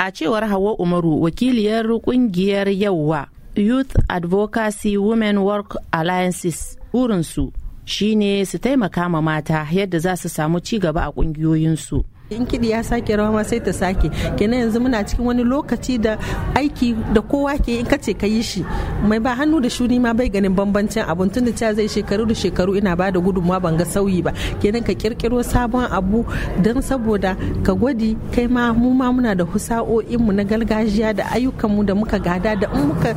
a cewar hawa umaru wakiliyar kungiyar yauwa youth advocacy women work alliances burinsu shine su taimaka ma mata yadda za su samu ci gaba a kungiyoyinsu in kiɗi ya sake rawa ma sai ta sake kenan yanzu muna cikin wani lokaci da aiki da kowa ke in kace ka yi shi mai ba hannu da shuni ma bai ganin bambancin abun tun da cewa zai shekaru da shekaru ina ba da gudunmawa ban ga sauyi ba kenan ka kirkiro sabon abu don saboda ka gwadi kai ma mu ma muna da husa'o'in mu na galgajiya da ayyukan mu da muka gada da in muka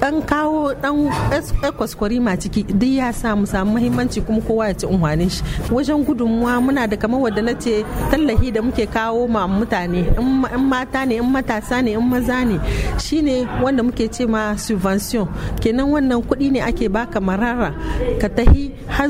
dan kawo dan kwaskwari ma ciki duk ya samu samu muhimmanci kuma kowa ya ci unhwanin shi wajen gudunmuwa muna da kamar wadda na ce tallahi da muke kawo ma mutane in mata ne in matasa ne in maza ne shine wanda muke ce ma subvention kenan wannan kuɗi ne ake baka marara ka tahi har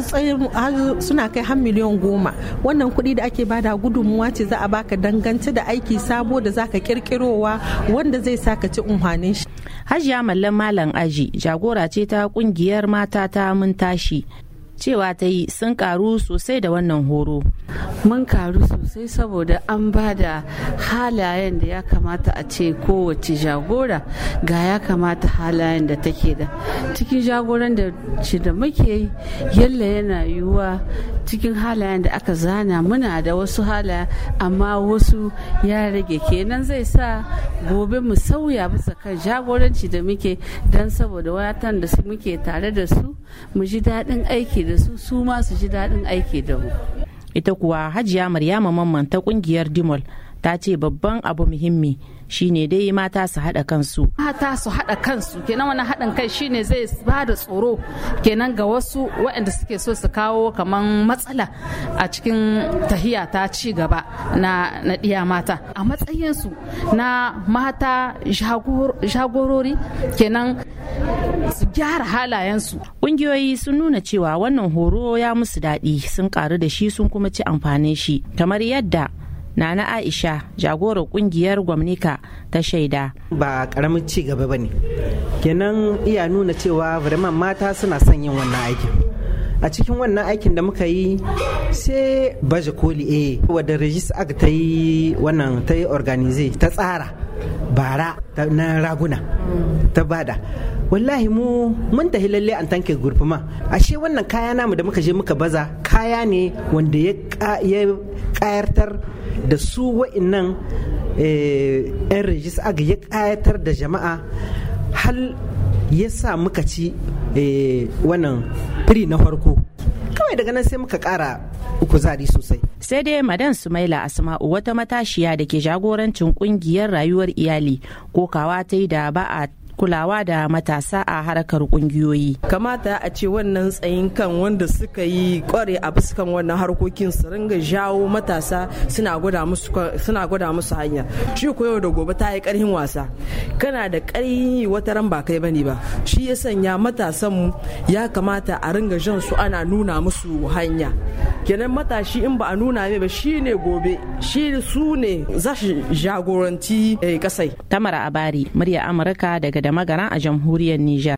suna kai har miliyan goma wannan kuɗi da ake bada gudunmuwa ce za a baka dangance da aiki sabo da ka kirkirowa wanda zai sa ka ci unhwanin shi hajiya Malam Aji jagora ce ta kungiyar mata ta mun tashi cewa ta yi sun karu sosai da wannan horo mun karu sosai saboda an ba da halayen da ya kamata a ce kowace jagora ga ya kamata halayen da take da cikin jagoran da ci da muke yi yalla yana yiwuwa cikin halayen da aka zana muna da wasu halaye amma wasu ya rage kenan zai sa gobe mu sauya bisa kan jagoranci da muke don saboda watan da su muke tare da su mu ji daɗin aiki da su su ma su ji daɗin aiki da mu. Ita kuwa Hajiya Maryama Mamman ta ƙungiyar Dimol ta ce babban abu muhimmi shine dai mata su haɗa kansu. Mata su haɗa kansu kenan wani haɗin kai shine zai ba da tsoro kenan ga wasu waɗanda suke so su kawo kamar matsala a cikin tahiya ta ci gaba na ɗiya mata. A matsayinsu na mata jagorori kenan su gyara halayensu. Ƙungiyoyi sun nuna cewa wannan horo ya musu daɗi sun ƙaru da shi sun kuma ci amfanin shi kamar yadda Nana Aisha jagorar kungiyar gwamnika ta shaida. Ba karamin ci gaba ba ne. Kenan iya nuna cewa vraiment mata suna son yin wannan aikin. A cikin wannan aikin da muka yi sai baje koli a eh, wadda Regis Ag ta yi wannan ta yi organize ta tsara bara na raguna ta bada. wallahi mu mun tafi lalle an tanke gurfuma ashe wannan kaya namu da muka je muka baza kaya ne wanda ya kayartar da su wa'innan 'yan eh, rijis aga ya kayatar da jama'a hal ya sa muka ci eh, wannan firi na farko kawai daga nan sai muka kara kuzari sosai sai dai madan sumaila asma'u wata matashiya da ke jagorancin kungiyar rayuwar iyali kokawa ta yi da ba a kulawa da matasa a harkar kungiyoyi kamata a ce wannan tsayin kan wanda suka yi kware a fuskan wannan harkokin su ringa jawo matasa suna gwada musu hanya shi ko yau da gobe ta yi karhin wasa kana da karhin wata ran ba kai bane ba shi ya sanya matasan ya kamata a ringa jan su ana nuna musu hanya kenan matashi in ba a nuna mai ba shine gobe shi su ne za shi jagoranci eh, kasai tamara abari murya amurka daga damagara a jamhuriyar nijar